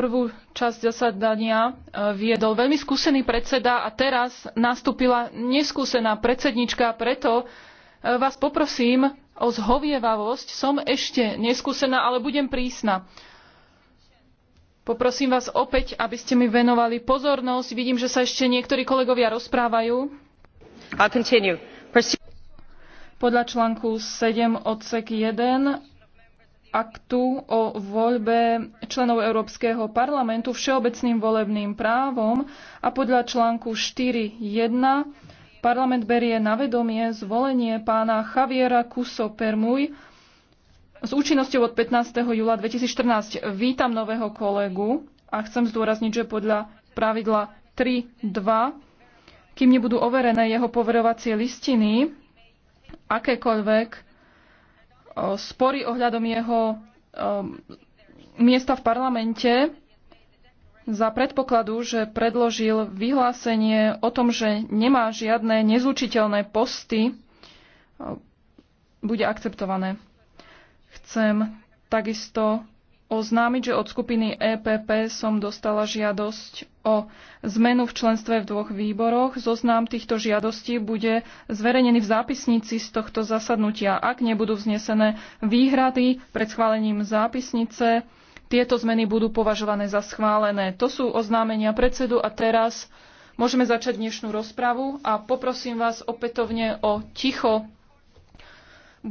Prvú časť zasadania e, viedol veľmi skúsený predseda a teraz nastúpila neskúsená predsednička, preto e, vás poprosím o zhovievavosť. Som ešte neskúsená, ale budem prísna. Poprosím vás opäť, aby ste mi venovali pozornosť. Vidím, že sa ešte niektorí kolegovia rozprávajú. Podľa článku 7 odsek 1 aktu o voľbe členov Európskeho parlamentu všeobecným volebným právom a podľa článku 4.1 parlament berie na vedomie zvolenie pána Javiera Kuso Permuj s účinnosťou od 15. júla 2014. Vítam nového kolegu a chcem zdôrazniť, že podľa pravidla 3.2, kým nebudú overené jeho poverovacie listiny, akékoľvek spory ohľadom jeho miesta v parlamente za predpokladu, že predložil vyhlásenie o tom, že nemá žiadne nezlučiteľné posty, bude akceptované. Chcem takisto oznámiť, že od skupiny EPP som dostala žiadosť o zmenu v členstve v dvoch výboroch. Zoznam týchto žiadostí bude zverejnený v zápisnici z tohto zasadnutia. Ak nebudú vznesené výhrady pred schválením zápisnice, tieto zmeny budú považované za schválené. To sú oznámenia predsedu a teraz môžeme začať dnešnú rozpravu a poprosím vás opätovne o ticho